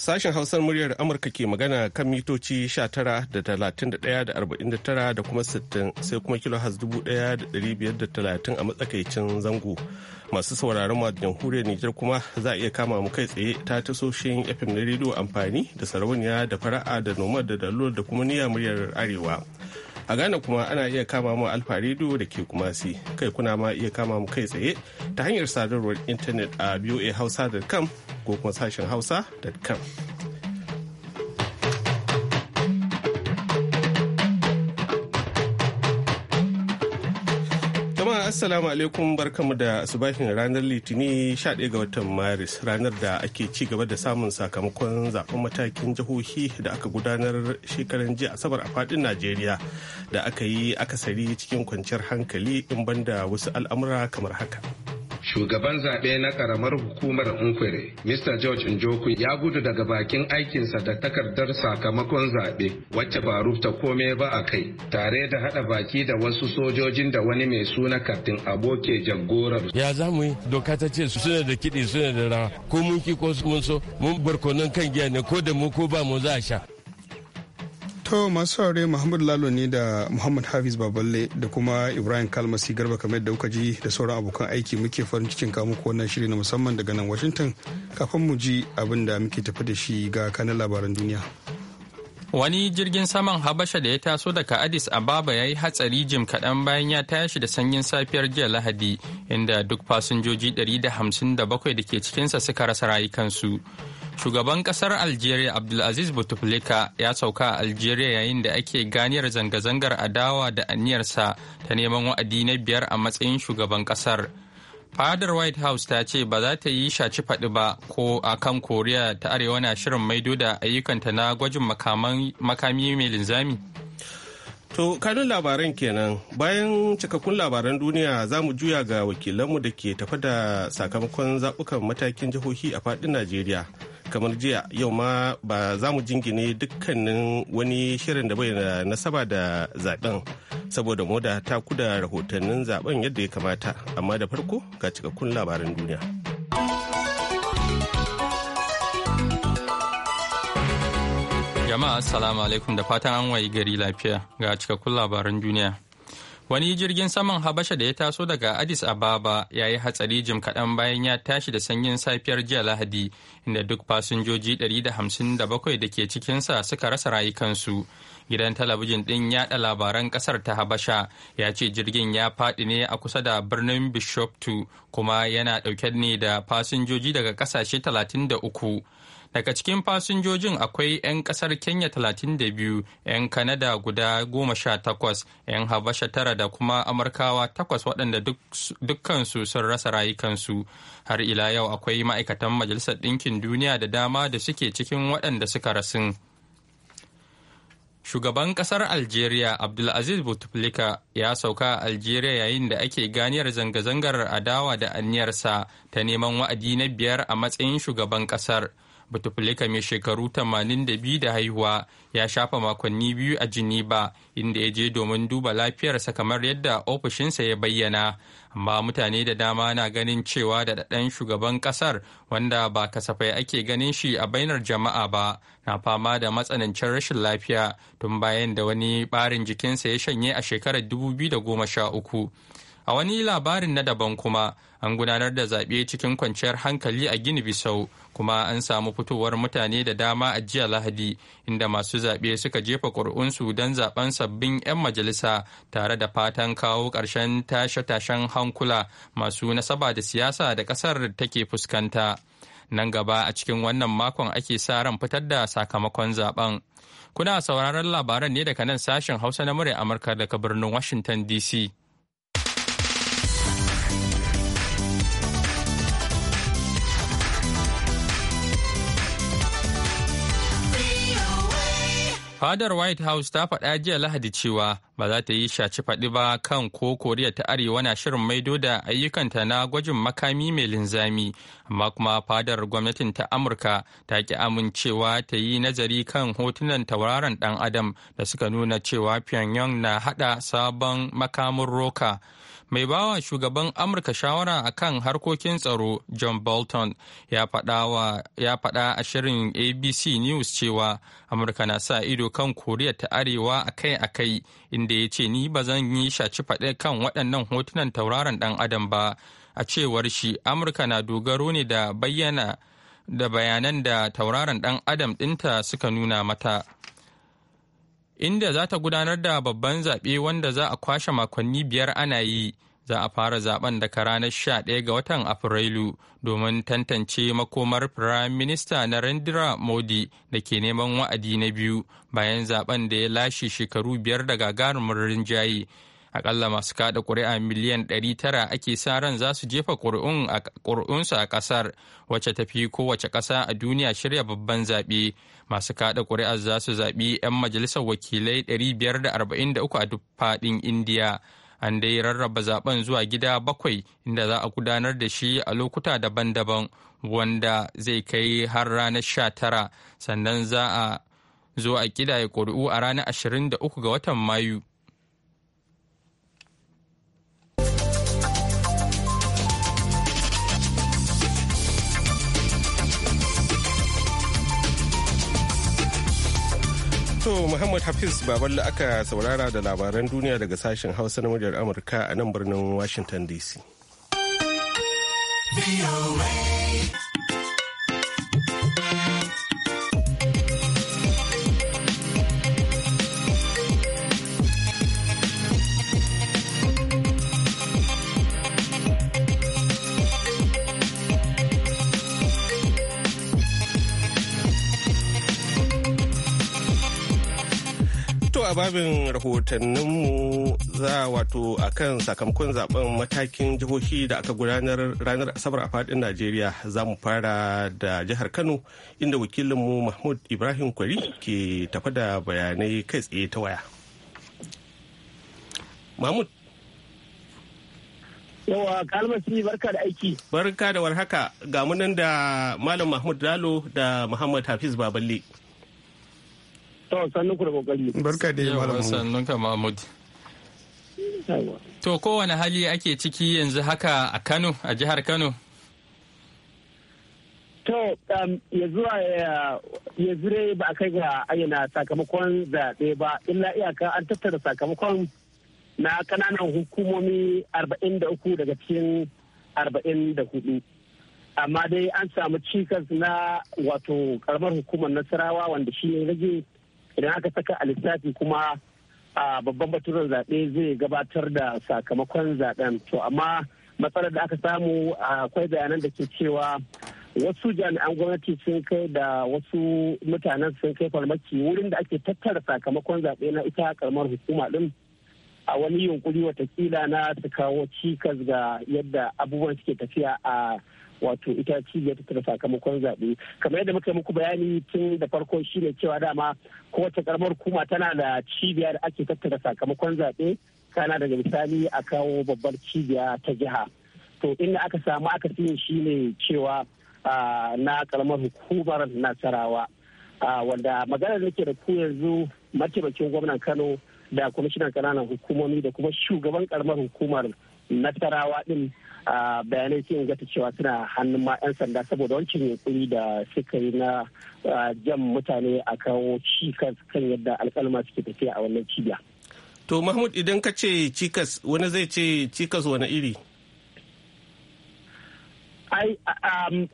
Sashen Hausar muryar Amurka ke magana kan mitoci 19 da 31 da 49 da kuma 60 sai kuma kilohaz 1530 a matsakaicin zango. Masu sauraron mu a jamhuriyar Nijar kuma za a iya kama mu kai tsaye ta tasoshin FM na rediyo amfani da sarauniya da fara'a da noma da dalilu da kuma niyyar muryar Arewa. a Ghana kuma ana iya kama mu Alfa Radio da ke kumasi kai kuna ma iya kama mu kai tsaye ta hanyar sadarwar intanet a voahausa.com ko kuma sashen hausa.com. Assalamu alaikum barkamu da subahin ranar Litini 11 ga watan Maris ranar da ake ci gaba da samun sakamakon zaben matakin jihohi da aka gudanar shekaran jiya asabar a fadin Najeriya da aka yi akasari cikin kwanciyar hankali in banda wasu al'amura kamar haka. Shugaban zaɓe na ƙaramar hukumar Nkwere, Mr. George Njoku ya gudu daga bakin aikinsa da takardar sakamakon zaɓe wacce ba rubuta komai ba a kai, tare da haɗa baki da wasu sojojin da wani mai suna Kaftin Aboke jagorar. Ya za mu yi doka ta ce suna da kiɗi suna da rawa ko mun ki ko mun so mun barkonon kan giya ne ko da mu ko ba mu za a sha. To masu saurare muhammadu Lalo ne da Muhammad Hafiz Baballe da kuma Ibrahim Kalmasi Garba kamar da kuka ji da sauran abokan aiki muke farin cikin kamu ko wannan shiri na musamman daga nan Washington kafin mu ji abin da muke tafi da shi ga kanan labaran duniya. Wani jirgin saman Habasha da ya taso daga Addis Ababa ya yi hatsari jim kaɗan bayan ya tashi da sanyin safiyar jiya Lahadi inda duk fasinjoji 157 da bakwai da ke cikinsa suka rasa rayukansu. kansu. shugaban kasar algeria abdulaziz bouteflika ya sauka a algeria yayin da ake ganiyar zanga-zangar adawa da aniyarsa ta neman wa'adi na biyar a matsayin shugaban kasar fadar white house ta ce ba za ta yi shaci faɗi ba ko a kan koriya ta arewa na shirin maido da ayyukanta na gwajin makami mai linzami To kanun labaran kenan bayan cikakkun labaran duniya za mu juya ga wakilanmu da ke tafa da sakamakon zaɓukan matakin jihohi a faɗin Najeriya kamar jiya yau ma ba za mu jingine dukkanin wani shirin da bai na nasaba da zaben saboda moda ta kuda rahotannin zaben yadda ya kamata amma da farko ga cikakkun labaran duniya jama'a assalamu alaikum da fatan an wayi gari lafiya ga cikakkun labaran duniya Wani jirgin saman Habasha da ya taso daga Addis Ababa ya yi hatsari jim kaɗan bayan ya tashi da sanyin safiyar jiya Lahadi, inda duk fasinjoji 157 da ke cikinsa suka rasa rayukansu. Gidan talabijin ɗin yaɗa labaran ƙasar ta Habasha ya ce jirgin ya faɗi ne a kusa da birnin Bishoptu kuma yana ɗauke ne da fasinjoji daga ƙasashe 33. Daga cikin fasinjojin akwai 'yan kasar Kenya 32, 'yan Kanada guda 18, 'yan Habasha tara da kuma Amurkawa takwas waɗanda dukkansu sun rasa rayukansu. Har ila yau akwai ma'aikatan Majalisar Ɗinkin Duniya da dama da suke cikin waɗanda suka rasin. Shugaban kasar Algeria Abdulaziz Bouteflika ya sauka a Algeria yayin da ake ganiyar zanga-zangar adawa da anniyarsa ta neman wa'adi na biyar a matsayin shugaban kasar. Buteflika mai shekaru 82 da haihuwa ya shafa makonni biyu a Geneva inda ya je domin duba lafiyarsa kamar yadda ofishinsa ya bayyana. Amma mutane da dama na ganin cewa da ɗan shugaban ƙasar wanda ba kasafai ake ganin shi a bainar jama'a ba na fama da matsanancin rashin lafiya tun bayan da wani ɓarin jikinsa ya shanye a shekarar 2013. a wani labarin na daban kuma an gudanar da zaɓe cikin kwanciyar hankali a gini bisau kuma an samu fitowar mutane da dama a jiya lahadi inda masu zaɓe suka jefa ƙuri'unsu don zaɓen sabbin 'yan majalisa tare da fatan kawo ƙarshen tashe-tashen hankula masu nasaba da siyasa da ƙasar take fuskanta nan gaba a cikin wannan makon ake sa ran fitar da sakamakon zaɓen kuna sauraron labaran ne daga nan sashen hausa na murya amurka daga birnin washington dc Fadar White House ta faɗa jiya Lahadi cewa ba za ta yi shaci faɗi ba kan ko Koriya ta Arewa na shirin maido da ayyukanta na gwajin makami mai linzami, amma kuma fadar gwamnatin ta Amurka ta ki amincewa ta yi nazari kan hotunan tauraron ɗan Adam da suka nuna cewa Pyongyang na haɗa sabon makamin roka mai bawa shugaban amurka shawara a kan harkokin tsaro john bolton ya faɗa a shirin abc news cewa amurka na sa ido kan koriya ta arewa akai-akai inda ya ce ni ba zan yi shaci faɗe kan waɗannan hotunan tauraron ɗan adam ba a cewar shi amurka na dogaro ne da da bayanan da tauraron ɗan adam ɗinta suka nuna mata. inda za ta gudanar da babban zaɓe wanda za a kwashe makonni biyar ana yi za a fara zaben daga ranar 11 ga watan afrilu domin tantance makomar firayim minista narendra modi da ke neman wa'adi na biyu bayan zaben da ya lashe shekaru biyar da gagarumin rinjaye akalla masu kada kuri'a miliyan 900 ake sa ran za su jefa kuri'unsu a kasar wacce tafi kowace kasa a duniya shirya babban zaɓe masu kada kuri'a za su zaɓi 'yan majalisar wakilai 543 a duk faɗin indiya an dai rarraba zaben zuwa gida bakwai inda za a gudanar da shi a lokuta daban-daban wanda zai kai har ranar 19 sannan za a zo a kidaye ƙuri'u a ranar 23 ga watan mayu To Muhammad Hafiz Baballe aka saurara da labaran duniya daga sashen Hausa na muryar Amurka a nan birnin Washington DC. babin rahotanninmu za wato a kan sakamakon zaben matakin jihohi da aka gudanar ranar asabar a fadin najeriya za mu fara da jihar kano inda wakilinmu mahmud ibrahim kwari ke tafa da bayanai kai tsaye ta waya mahmud yawa kalmasi barka da aiki barka da warhaka ga munan da malam mahmud lalo da muhammad hafiz baballe To To kowane hali ake ciki yanzu haka a Kano a jihar Kano. To um, ya zuwa ya zure ba a kai ga ayyana sakamakon zaɓe ba illa iyaka an tattara sakamakon na kananan hukumomi 43 daga cikin 44 amma dai an samu cikas na wato karamar hukumar nasarawa wanda shi ne rage idan aka saka a lissafi kuma a babban baturen zaɓe zai gabatar da sakamakon zaɓen to amma matsalar da aka samu akwai bayanan da ke cewa wasu jami'an gwamnati sun kai da wasu mutanen sun kai farmaki wurin da ake tattara sakamakon zaɓe na ita karamar hukuma ɗin a wani yunkuri watakila na su kawo cikas ga yadda abubuwan suke tafiya a wato ita cibiyar tattara sakamakon zaɓe kamar yadda muka muku bayani tun da farko shine cewa dama kowace karamar hukuma tana da cibiya da ake tattara sakamakon zaɓe kana daga misali a kawo babbar cibiya ta jiha to inda aka samu aka shine shi cewa na karamar hukumar nasarawa wanda magana da nake da ku yanzu mataimakin gwamnan kano da kwamishinan kananan hukumomi da kuma shugaban karamar hukumar nasarawa din bayanai sun ta cewa suna hannun ma 'yan sanda saboda wancan yankuri da suka yi na jan mutane a kawo cikas kan yadda alkalma suke tafiya a wannan cibiya. to mahmud idan ka ce cikas wani zai ce cikas wani iri ai um,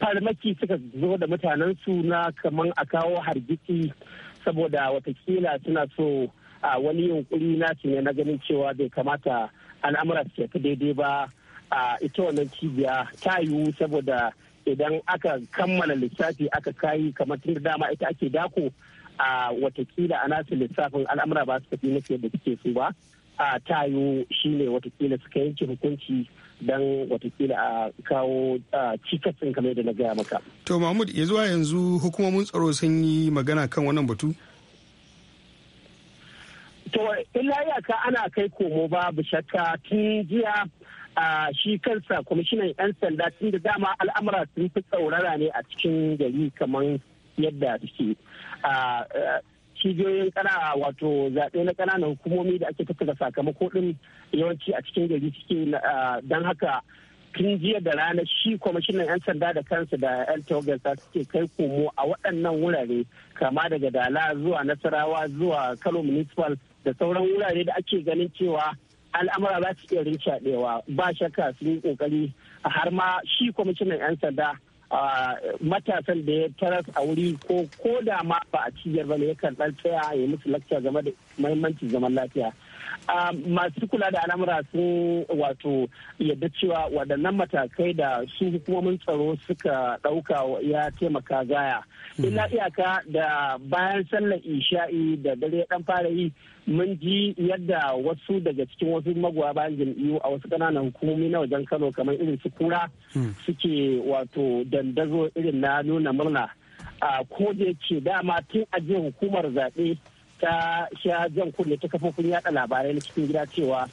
farmaki suka zo da mutanensu na kaman a kawo hargitsi saboda watakila suna so a wani yunkuri na ne na ganin cewa bai kamata al'amura su tafi daidai ba a ita wannan cibiya ta yiwu saboda idan aka kammala lissafi aka kayi kamar tun da dama ita ake dako a watakila a nasu lissafin al'amura ba su tafi nufi yadda suke so ba a ta shi ne watakila suka yanke hukunci don watakila a kawo cikasin kamar da na gaya maka. To Mahmud ya zuwa yanzu hukumomin tsaro sun yi magana kan wannan batu? To illa iyaka ana kai komo babu shakka tun jiya shi kansa kwamishinan 'yan sanda tun da dama al'amura sun fi tsaurara ne a cikin gari kamar yadda suke. cibiyoyin kana wato zaɓe na ƙananan hukumomi da ake tattara sakamako ɗin yawanci a cikin gari suke don haka tun jiya da rana shi kwamishinan 'yan sanda da kansa da 'yan tawagarsa suke kai komo a waɗannan wurare kama daga dala zuwa nasarawa zuwa kano municipal da sauran wurare da ake ganin cewa al'amura za su iya rincaɗewa ba shakka sun yi ƙoƙari har ma shi kwamishinan 'yan sanda matasan da ya taras a wuri ko ko da ma ba a ciyar ba ne ya karɓar tsaya ya musu lakta game da mahimmancin zaman lafiya masu kula da al'amura sun wato yadda cewa waɗannan matakai da su hukumomin tsaro suka ɗauka ya taimaka gaya illa iyaka da bayan sallar isha'i da dare ya ɗan fara yi mun ji yadda wasu daga cikin wasu magoya bayan jam'iyyu a wasu ƙananan hukumomi na wajen kano kamar irin su kura hmm. suke wato dandazo irin na nuna murna a ko da yake dama tun a hukumar zaɓe ta sha jan kunne ta kafofin yada labarai na cikin gida cewa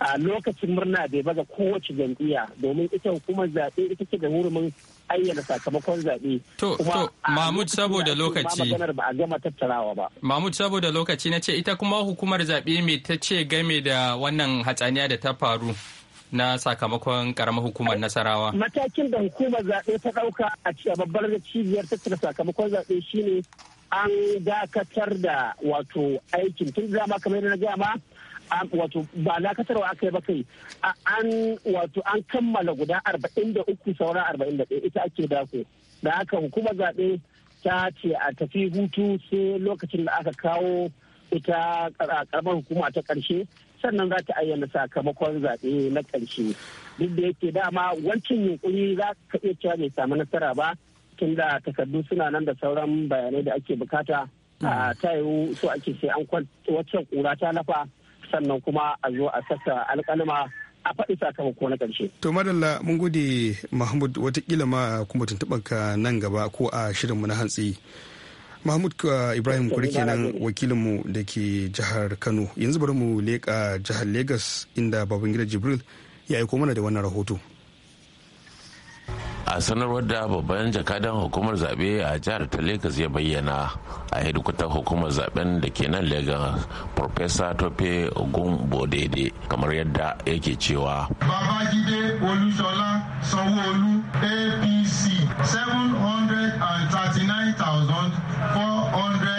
a lokacin murna bai baga kowace jam'iyya domin ita hukumar zaɓe ita ce da hurumin ayyana sakamakon zaɓe. To, to, Mahmud saboda lokaci. ba a gama tattarawa ba. Mahmud saboda lokaci na ce ita kuma hukumar zaɓe mai ta ce game da wannan hatsaniya da ta faru. na sakamakon karamar hukumar nasarawa. Matakin da hukumar zaɓe ta ɗauka a babbar da cibiyar tattara sakamakon zaɓe shine an dakatar da wato aikin tun dama kamar na gama wato ba lakatarwa aka yi ba kai an wato an kammala guda 43 saura 41 ita ake dako da haka hukuma zaɓe ta ce a tafi hutu sai lokacin da aka kawo ita karamar hukuma ta ƙarshe sannan za ta ayyana sakamakon zaɓe na ƙarshe duk da yake dama wancan yunkuri za ka iya cewa bai samu nasara ba tun da takardu suna nan da sauran bayanai da ake bukata hmm. ta yiwu so ake sai an wacce kura ta lafa sannan kuma a zo a sassa alkalima a faɗi sakamako na ƙarshe. To madalla mun gode Mahmud watakila ma kuma tuntuɓar ka nan gaba ko a shirin mu na hantsi. Mahmud Ibrahim Kuri kenan mu da ke jihar Kano yanzu bari mu leƙa jihar Legas inda Babangida Jibril ya aiko mana da wannan rahoto. a sanarwar da babban jakadan hukumar zaɓe a jihar ta lagos ya bayyana a hedikwatar hukumar zaben da ke nan lagos professor tope ogun bodede kamar yadda yake cewa babajide olusola sanwoolu apc 739,400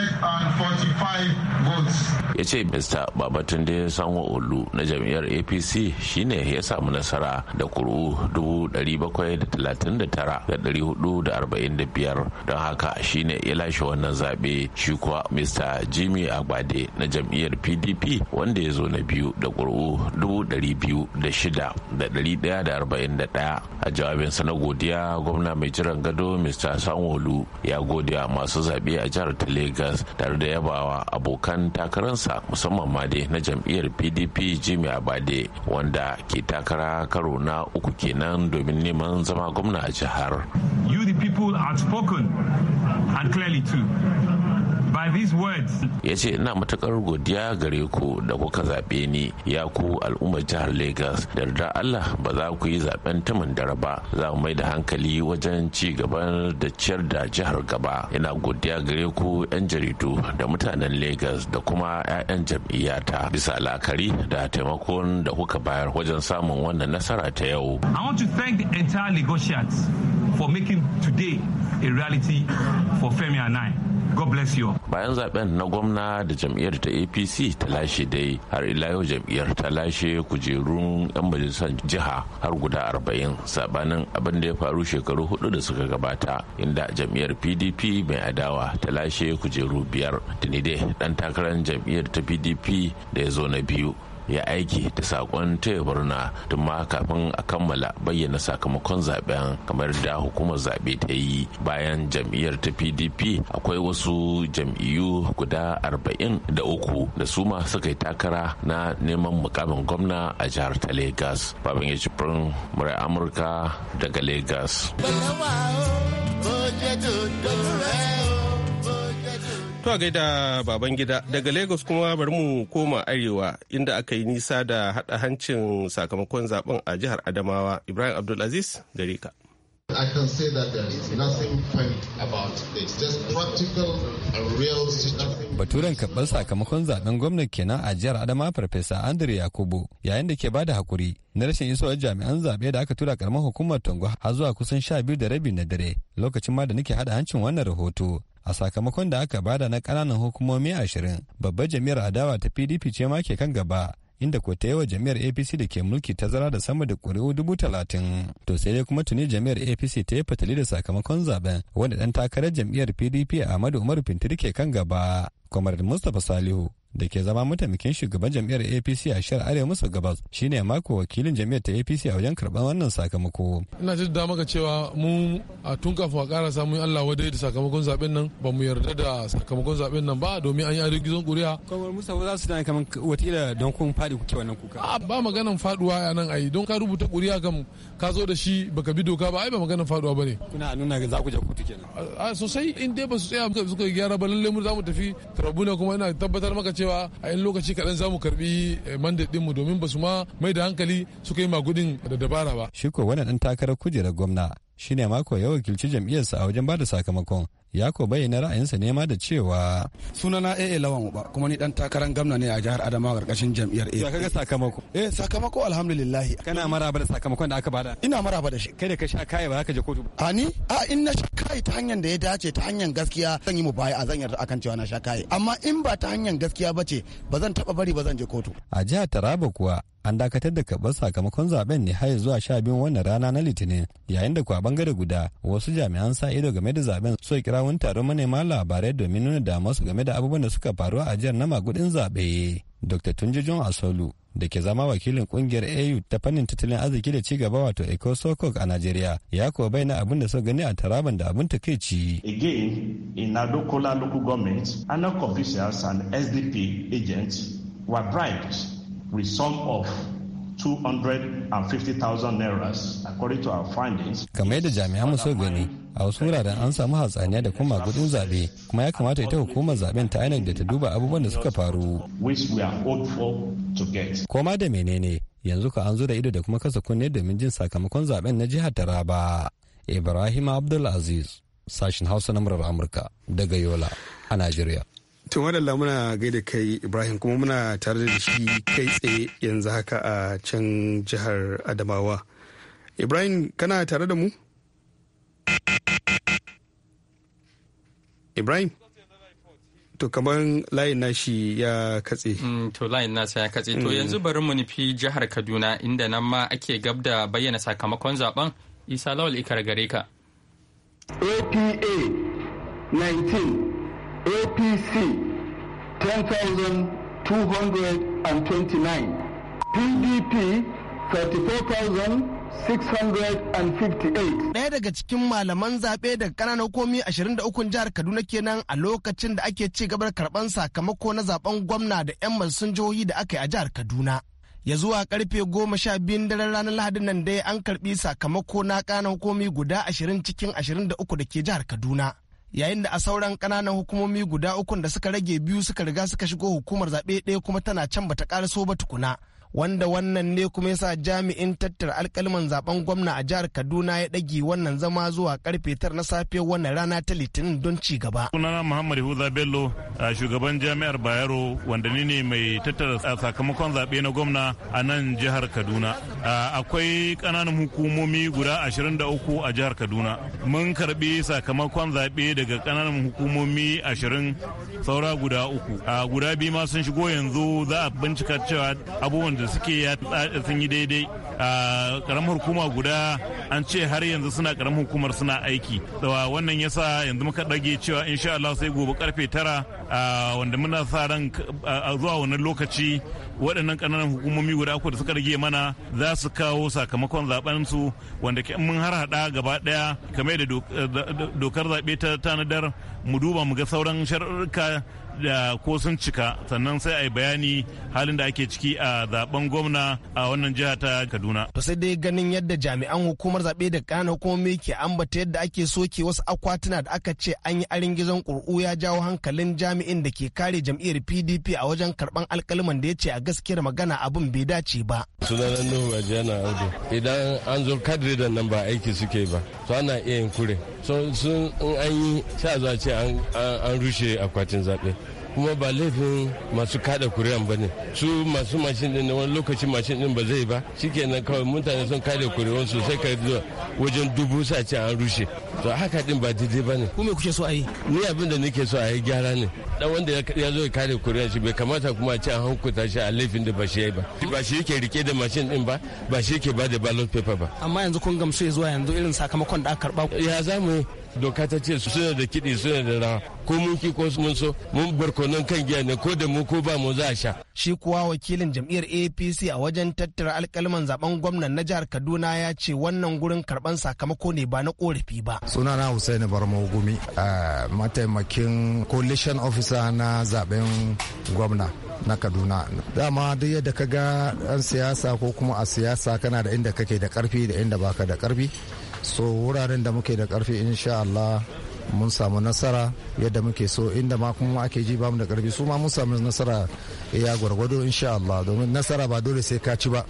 ya ce mista babatunde sanwo olu na jam'iyyar apc shine ya samu nasara da kuru 739,445 don haka shine ya lashe wannan zaɓe shi kuwa mista jimmy agbade na jam'iyyar pdp wanda ya zo na biyu da kuru 206,141 a jawabinsa na godiya gwamna mai jiran gado mista sanwo olu ya gode masu zaɓe a jihar ta lagos tare da yabawa abokan takararsa musamman ma dai na jam'iyyar pdp jimmy abade wanda ke takara karo na uku kenan domin neman zama gwamna a jihar you the people are spoken and clearly too by these words ya ina matukar godiya gare ku da kuka zaɓe ni ya ku al'ummar jihar lagos da da allah ba za ku yi zaben tumin dare ba za mu mai da hankali wajen ci gaban da ciyar da jihar gaba ina godiya gare ku 'yan jaridu da mutanen lagos da kuma 'ya'yan jam'iyyata bisa la'akari da taimakon da kuka bayar wajen samun wannan nasara ta yau i want to thank the entire Lagosians for making today a reality for Femi and I. God bless you. Bayan zaben na gwamna da jam'iyyar ta APC ta lashe dai har ila yau jam'iyyar ta lashe kujerun 'yan majalisar jiha har guda arba'in sabanin abin da ya faru shekaru hudu da suka gabata inda jam'iyyar PDP mai adawa ta lashe kujeru biyar. Tuni dai dan takarar jam'iyyar ta PDP da ya zo na biyu ya aiki da sakon taya barna tun ma kafin a kammala bayyana sakamakon zaben kamar da hukumar zaɓe ta yi bayan jam'iyyar ta pdp akwai wasu jam'iyyu guda arba'in da uku da su ma suka yi takara na neman mukamin gwamna a jihar ta lagos babin ya cifin murai amurka daga lagos To a gaida baban gida daga Lagos kuma bari mu koma arewa inda aka yi nisa da hada hancin sakamakon zaben a jihar Adamawa Ibrahim Abdulaziz gare ka. I can say that there is nothing funny about this. Just practical and real Baturen kabbal sakamakon zaben gwamnati kenan a jihar Adama Farfesa Andre Yakubu yayin da ke bada hakuri na rashin isowar jami'an zaɓe da aka tura karamar hukumar tango har zuwa kusan sha biyu da rabi na dare lokacin ma da nake hada hancin wannan rahoto. a sakamakon da aka bada na kananan hukumomi ashirin babbar jami'ar adawa ta pdp ce ma ke kan gaba inda ko ta wa jami'ar apc da ke mulki tazara da sama da ƙuri'u dubu talatin to sai dai kuma tuni jami'ar apc ta yi fatali da sakamakon zaben wanda dan takarar jami'ar pdp ahmadu umaru fintiri ke kan gaba kwamar mustapha salihu da ke zama mataimakin shugaban jam'iyyar apc a shirar arewa maso gabas shine mako wakilin jam'iyyar ta apc a wajen karɓar wannan sakamako ina jin da maka cewa mu a tun kafin a ƙara samun allah wadai da sakamakon zaben nan ba mu yarda da sakamakon zaben nan ba domin an yi adon gizon ƙuri'a kawai musa za su dana kamar watakila don kun faɗi kuke wannan kuka a ba maganan faɗuwa a nan ayi don ka rubuta ƙuri'a kam ka zo da shi baka bi doka ba ai ba maganan faɗuwa ba ne kuna nuna za ku je kotu kenan a sosai in dai ba su tsaya suka gyara ba lallai mu za mu tafi tribunal kuma ina tabbatar maka cewa cewa a yan lokaci kaɗan za mu karbi eh, mandate ɗinmu domin ba su ma mai da hankali suka yi magudin da dabara ba. Shi ko wani ɗan takarar kujerar gwamna shine mako ya wakilci jam'iyyarsa a wajen bada sakamakon ya ko bayyana ra'ayinsa nema da cewa sunana AA Lawan Uba kuma ni dan takarar gwamna ne a jihar Adamawa karkashin jam'iyyar AA. kaga sakamako. Eh sakamako alhamdulillah. Kana maraba da sakamakon da aka bada? Ina maraba da shi. Kai da ka sha kai ba ka je kotu A ni a in na sha kai ta hanyar da ya dace ta hanyar gaskiya zan yi mu baya a zan yarda akan cewa na sha kai amma in ba ta hanyar gaskiya ba ce ba zan taba bari ba zan je kotu. A jihar Taraba kuwa an dakatar da karɓar sakamakon zaben ne har zuwa sha biyun wannan rana na litinin yayin da kuwa bangare guda wasu jami'an sa ido game da zaben suka kira wani taron manema labarai domin nuna damarsu game da abubuwan da suka faru a ajiyar na magudin zaɓe. dr john asolu da ke zama wakilin kungiyar au ta fannin tattalin arziki da ci gaba wato ecosocog a najeriya ya kuwa bayyana abin da suka gani a taraban da abin takaici again in adokola local government anok officials and sdp agents were bribed result of 250,000 nairas according to our findings. Kamar yadda jami'an mu gani a wasu wuraren an samu hatsaniya da kuma gudun zabe kuma ya kamata ita hukumar zaben ta ainihin da ta duba abubuwan da suka faru. Koma da menene yanzu ka an zo da ido da kuma kasa kunne domin jin sakamakon zaɓen na jihar Taraba. Ibrahim Abdulaziz sashen Hausa na murar Amurka daga Yola a Najeriya. tun wadanda muna gaida kai ibrahim kuma muna tare da shi kai tsaye yanzu haka a can jihar adamawa ibrahim kana tare da mu ibrahim to kamar layin nashi ya katse mm, to layin nasa ya katse to mm. yanzu bari mu nufi jihar kaduna inda nan ma ake gab da bayyana sakamakon zaben isa lawal ikar gare ka apa 19 apc 10,229 pdp 34,658 ɗaya daga cikin malaman zaɓe daga ƙananan komi 23 jihar kaduna kenan a lokacin da ake ci gabar karɓar sakamako na zaben gwamna da 'yan masu jihohi da aka yi a jihar kaduna ya zuwa karfe goma sha biyun daren ranar lahadin nan dai an karbi sakamako na kanan komi guda ashirin cikin ashirin da uku da ke jihar kaduna yayin da a sauran kananan hukumomi guda ukun da suka rage biyu suka riga suka shigo hukumar zaɓe ɗaya kuma tana can bata ƙaraso ba tukuna wanda wannan ne kuma yasa jami'in tattara alkalman zaben gwamna a jihar kaduna ya dage wannan zama zuwa karfe tar na safe wannan rana ta litinin don ci gaba sunana muhammad huza bello shugaban jami'ar bayero wanda ni ne mai tattara sakamakon zaɓe na gwamna a nan jihar kaduna akwai kananan hukumomi guda 23 a jihar kaduna mun karɓi sakamakon zaɓe daga kananan hukumomi 20 saura guda uku a guda biyu ma sun shigo yanzu za a bincika cewa abubuwan da da suke sun yi daidai a karamar hukuma guda an ce har yanzu suna karamar hukumar suna aiki da wannan yasa yanzu muka ɗage cewa insha Allah sai gobe karfe tara wanda muna sa ran a zuwa wannan lokaci waɗannan ƙananan hukumomi guda uku da suka rage mana za su kawo sakamakon zaben su wanda mun har hada gaba ɗaya kamar da dokar zaɓe ta tanadar mu duba mu ga sauran sharuɗka da ko sun cika sannan sai a yi bayani halin da ake ciki a zaben gwamna a wannan jiha ta kaduna to sai dai ganin yadda jami'an hukumar zaɓe da ƙana hukumomi ke ambata yadda ake soke wasu akwatuna da aka ce an yi arin gizon ƙur'u ya jawo hankalin jami'in da ke kare jam'iyyar pdp a wajen karɓan alkaliman da ya ce a gaskiyar magana abin bai dace ba sunanan nuhu na Audu idan an zo kadri da nan ba aiki suke ba to ana iya yin kure sun in an yi sa zace ce an rushe akwatin zaɓe kuma ba laifin masu kada kuri'an ba ne su masu mashin din wani lokaci mashin din ba zai ba shikenan kawai mutane sun kada kurian su sai ka zuwa wajen dubu sa ce an rushe to haka din ba daidai ba ne kuma kuke so a yi ni abin da nake so a yi gyara ne dan wanda ya zo ya kada kuri'an shi bai kamata kuma a ce an hankuta shi a laifin da ba shi ya yi ba ba shi yake rike da mashin din ba ba shi yake ba da ballot paper ba amma yanzu kun gamsu zuwa yanzu irin sakamakon da aka karba ya zamu doka ta ce su suna da kiɗi suna da rawa ko mun ki ko mun so mun barkonon kan giya ne ko da mu ko ba mu za a sha. Shi kuwa wakilin jam'iyyar APC a wajen tattara alkalman zaben gwamnan na jihar Kaduna ya ce wannan gurin karban sakamako ne ba na korafi ba. suna na husaini barma Gumi mataimakin coalition officer na zaben gwamna. na kaduna dama duk yadda ka ga 'yan siyasa ko kuma a siyasa kana da inda kake da karfi da inda baka da karfi so wuraren da muke da karfi insha Allah mun samu nasara yadda muke so inda ma kuma ake ji bamu da karfi su ma mun samu nasara ya gwargwado insha Allah domin nasara ba dole sai ka ci ba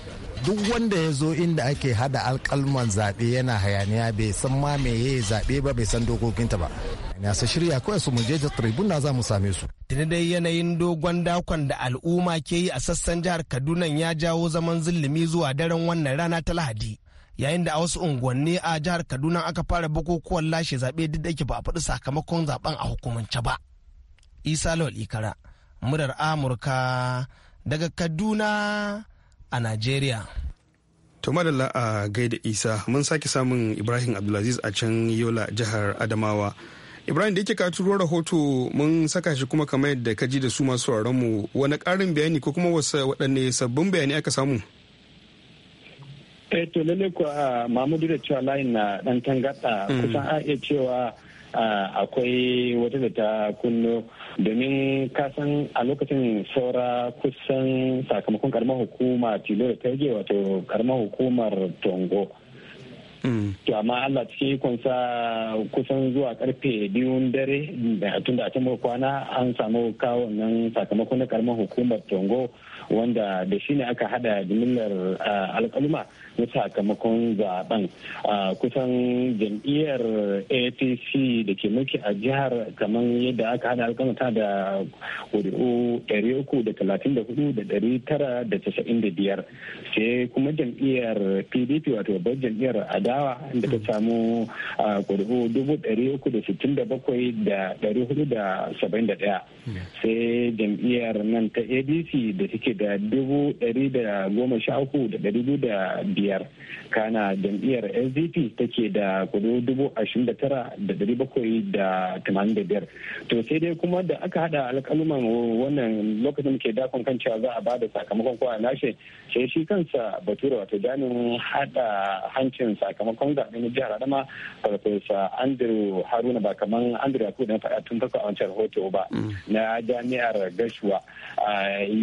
duk wanda ya zo inda ake hada alkalman zaɓe yana hayaniya bai san ma me ya zaɓe ba bai san dokokinta ba na sa shirya kawai su muje da tribuna za mu same su tuni dai yanayin dogon dakon da al'umma ke yi a sassan jihar kaduna ya jawo zaman zulumi zuwa daren wannan rana ta lahadi yayin da a wasu unguwanni a jihar kaduna aka fara bukukuwan lashe zaɓe duk da ba a faɗi sakamakon zaben a hukumance ba isa lawal ikara murar amurka daga kaduna a najeriya to madalla a gaida isa mun sake samun ibrahim abdulaziz a can yola jihar adamawa ibrahim da yake ka turo rahoto mun saka shi kuma kamar yadda ka ji da su masu mu wani karin bayani ko kuma wasu waɗanne sabbin bayani aka samu eh to lalle ko ah, mamudu da cewa layin na dan tangarda hmm. kusan a iya cewa ah, akwai wata da ta kunno domin kasan a lokacin saura kusan sakamakon karamar hukuma tilo da targe wato karamar hukumar tongo hmm. to amma Allah cikin ikonsa kusan zuwa karfe biyun dare da a can kwana an samu kawo nan sakamakon na karamar hukumar tongo wanda da shi ne aka hada jimillar ah, alkaluma na sakamakon zaben kusan jam'iyyar apc da ke mulki a jihar kamar yadda aka hada alkamata da kuri'u 334,995 sai kuma jam'iyyar pdp wato babbar jam'iyyar adawa da ta samu kuri'u 367,471 sai jam'iyyar nan ta abc da take da 113,205 biyar kana jam'iyyar sdp take da kudu dubu ashirin da tara da dari bakwai da tamanin da biyar to sai dai kuma da aka hada alkaluman wannan lokacin ke dakon kan cewa za a ba da sakamakon kowa nashe sai shi kansa bature wato jami'in hada hancin sakamakon zaɓen na jihar adama farfesa andrew haruna ba kamar andrew yakubu da faɗa tun farko a wancan rahoto ba na jami'ar gashuwa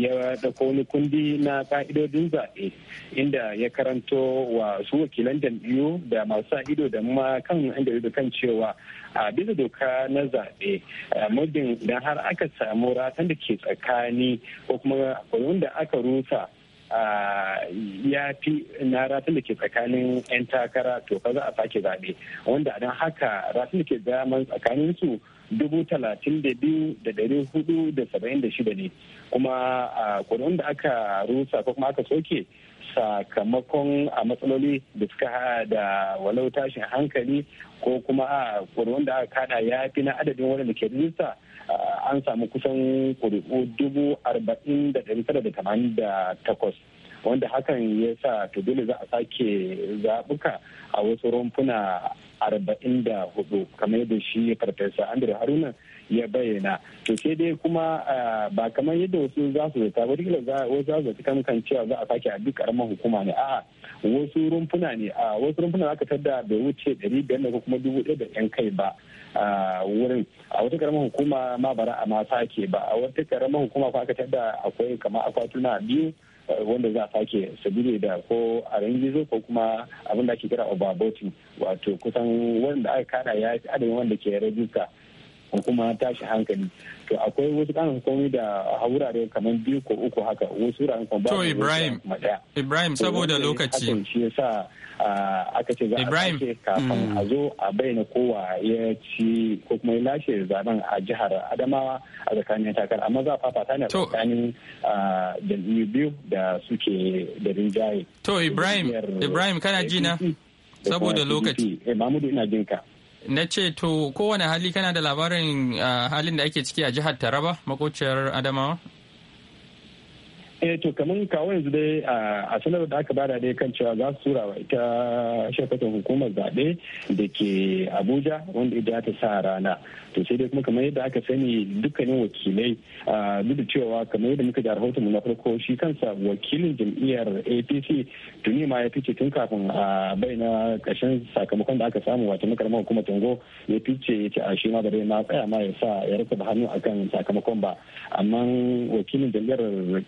ya ɗauko wani kundi na ka'idodin zaɓe inda ya karanta fito wa su wakilan jam'iyyu da masu ido da ma kan yan jaridu kan cewa a bisa doka na zaɓe muddin idan har aka samu ratan da ke tsakani ko kuma wanda aka rusa ya fi na ratun da ke tsakanin 'yan takara to ka za a sake zaɓe wanda don haka ratun da ke zaman tsakanin su dubu talatin da biyu da dari hudu da saba'in da shida ne kuma kudin da aka rusa ko kuma aka soke sakamakon a matsaloli da suka haɗa da walau tashin hankali ko kuma a da aka kada ya fi na adadin waɗanda ke rijista an samu kusan kuri'u dubu arba'in da ɗari tara da tamanin da takwas wanda hakan ya sa to dole za a sake zaɓuka a wasu rumfuna arba'in da hudu kamar da shi farfesa andrew haruna ya bayyana to sai dai kuma ah, ba kamar yadda wasu za su zata ba kila wasu za su zata kan kan cewa za a sake a duk karamar hukuma ne a wasu rumfuna ne a wasu rumfuna za ka tadda bai wuce ɗari biyar ko kuma dubu ɗaya da yan kai ba a wurin a wata karamar hukuma ma bara a ma sake ba a wata karamar hukuma ko aka tadda akwai kamar akwatuna biyu eh, wanda za a sake sabili da ko a rangizo ko kuma abin da ake kira overboating wato kusan wanda aka kada ya fi adadin wanda ke rajista ko kuma tashi hankali to akwai wasu kanan komai da haurare wurare kamar biyu ko uku haka wasu wuraren kuma ba Ibrahim Ibrahim saboda lokaci shi yasa aka ce za a ce kafin mm. a zo a bayyana kowa ya ci ko kuma ya lashe zaben a jihar Adamawa a tsakanin takar amma za a fafata ne tsakanin jam'iyyu biyu da suke da rinjaye to Ibrahim Ibrahim kana ji na saboda lokaci eh, Mahmudu ina jinka na ce to kowane hali kana da labarin ah, halin da ake ciki a jihar taraba makociyar adamawa eh to kamar kawo yanzu dai a sanar da aka bada dai kan cewa za su tura wa ita shafatan hukumar zaɓe da ke abuja wanda ita ta sa rana to sai dai kuma kamar yadda aka sani dukkanin wakilai duk da cewa kamar yadda muka ga rahoton na farko shi kansa wakilin jam'iyyar apc tuni ma ya fice tun kafin a bayyana ƙarshen sakamakon da aka samu wato na karamar hukumar tango ya fice ya ce a shi ma ba dai ma tsaya ma ya sa ya rufe da hannu akan sakamakon ba amma wakilin jam'iyyar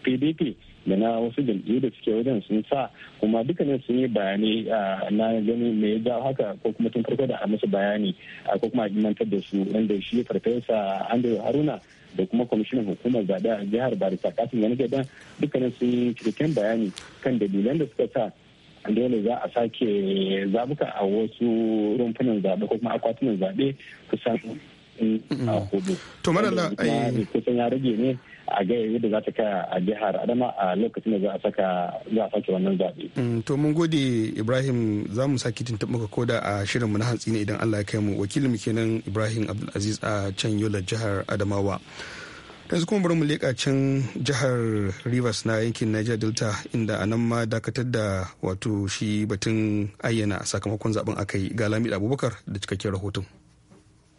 pdp apc da na wasu jam'iyyu da suke wajen sun sa kuma dukkanin sun yi bayani na gani me ya jawo haka ko kuma tun farko da a musu bayani ko kuma a imantar da su wanda shi farfesa andrew haruna da kuma kwamishinan hukumar zaɓe a jihar barisa kafin wani gaban dukkanin sun yi cikakken bayani kan dalilan da suka sa dole za a sake zabuka a wasu rumfunan zaɓe ko kuma akwatunan zaɓe kusan mm, a mm-hmm. hudu. To madalla kusan ya rage ne a ga yadda za ta kaya a jihar adama a lokacin da za a saka za a sake wannan zaɓe. Mm, to mun gode ibrahim za mu sake tun maka koda a shirin mu na hantsi ne idan allah ya kai mu wakilin mu kenan ibrahim abdulaziz a can yola jihar adamawa yanzu kuma bari mu leƙa can jihar rivers na yankin niger delta inda a nan ma dakatar da wato shi batun ayyana sakamakon zaben aka yi ga lamida abubakar da cikakken rahoton.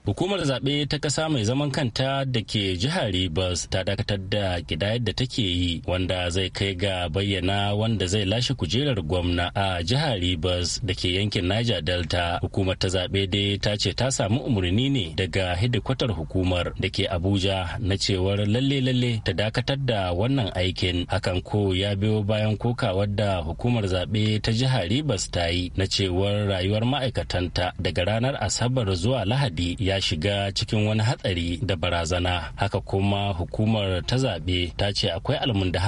Hukumar zaɓe ta ƙasa mai zaman kanta da ke jihar Rivers ta dakatar da gida yadda take yi wanda zai kai ga bayyana wanda zai lashe kujerar gwamna a jihar Rivers da ke yankin Niger Delta. Hukumar ta zaɓe dai ta ce ta samu umarni ne daga hidikwatar hukumar da ke Abuja na cewar lalle-lalle ta dakatar da wannan aikin. Hakan ko ya biyo bayan kokawar da hukumar zaɓe ta jihar Rivers ta yi na cewar rayuwar ma'aikatanta daga ranar Asabar zuwa Lahadi ya ya shiga cikin wani hatsari da barazana haka kuma hukumar ta zaɓe ta ce akwai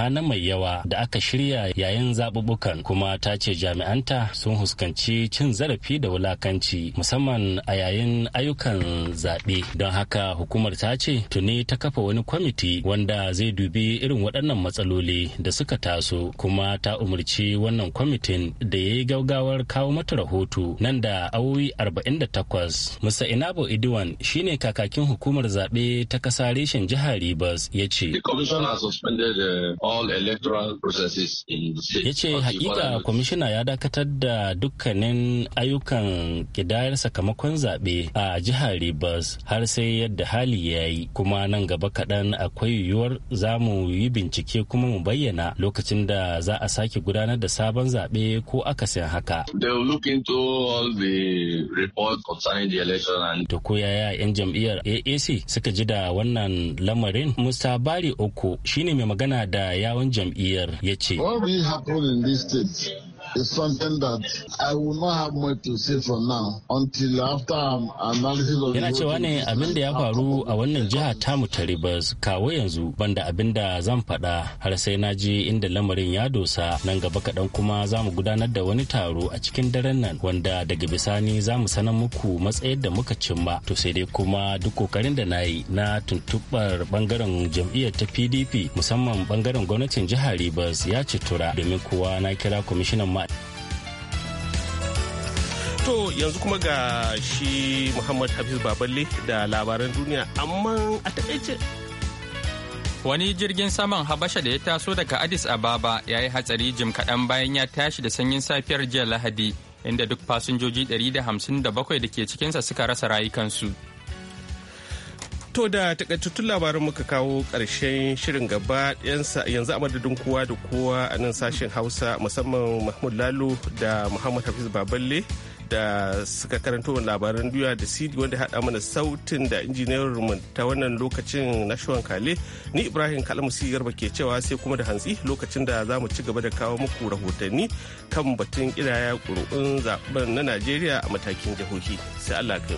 na mai yawa da aka shirya yayin zaɓuɓɓukan kuma ta ce jami'anta sun huskanci cin zarafi da wulakanci musamman a yayin ayyukan zaɓe don haka hukumar ta ce tuni ta kafa wani kwamiti wanda zai dubi irin waɗannan matsaloli da suka taso kuma ta umarci wannan kwamitin da ya yi gaugawar kawo mata rahoto nan da awowi 48 musa inabo idiwa Mamman shine kakakin hukumar zaɓe ta kasa reshen jihar Rivers ya ce. Uh, ya ce hakika kwamishina ya dakatar da dukkanin ayyukan ƙidayar sakamakon zaɓe a jihar Rivers har sai yadda hali ya yi kuma nan gaba kaɗan akwai yiwuwar za mu yi bincike kuma mu bayyana lokacin da za a sake gudanar da sabon zaɓe ko akasin haka. Da ko ya yaya 'yan jam'iyyar AAC suka ji da wannan lamarin Musta Bari Oko shine mai magana da yawon jam'iyyar ya ce. is something that I will not have much to say for now until after analysis of Yana cewa ne abin da ya faru a wannan jiha tamu ta Rivers kawo yanzu banda abin da zan faɗa har sai na ji inda lamarin ya dosa nan gaba kaɗan kuma za mu gudanar da wani taro a cikin daren nan wanda daga bisani za mu sanar muku matsayin da muka cimma to sai dai kuma duk kokarin da na yi na tuntuɓar bangaren jam'iyyar ta PDP musamman bangaren gwamnatin jihar Rivers ya ci tura domin kowa na kira kwamishinan Muhammad. To yanzu kuma ga shi Muhammad Hafiz Baballe da labaran duniya amma a taƙaice. Wani jirgin saman Habasha da ya taso daga Addis Ababa ya yi hatsari jim kaɗan bayan ya tashi da sanyin safiyar jiya Lahadi inda duk fasinjoji 157 da ke cikinsa suka rasa rayukansu. To da takaitattun labarin muka kawo karshen shirin gaba yanzu a madadin kowa da kowa a nan sashen Hausa musamman Mahmud Lalo da Muhammad Hafiz Baballe da suka karanto labaran duniya da CD wanda haɗa mana sautin da injiniyar injiniyarmu ta wannan lokacin na shuwan kale ni Ibrahim Kalamusi Garba ke cewa sai kuma da hantsi lokacin da za mu ci gaba da kawo muku rahotanni kan batun ƙidaya ƙuri'un zaɓen na Najeriya a matakin jihohi sai Allah kai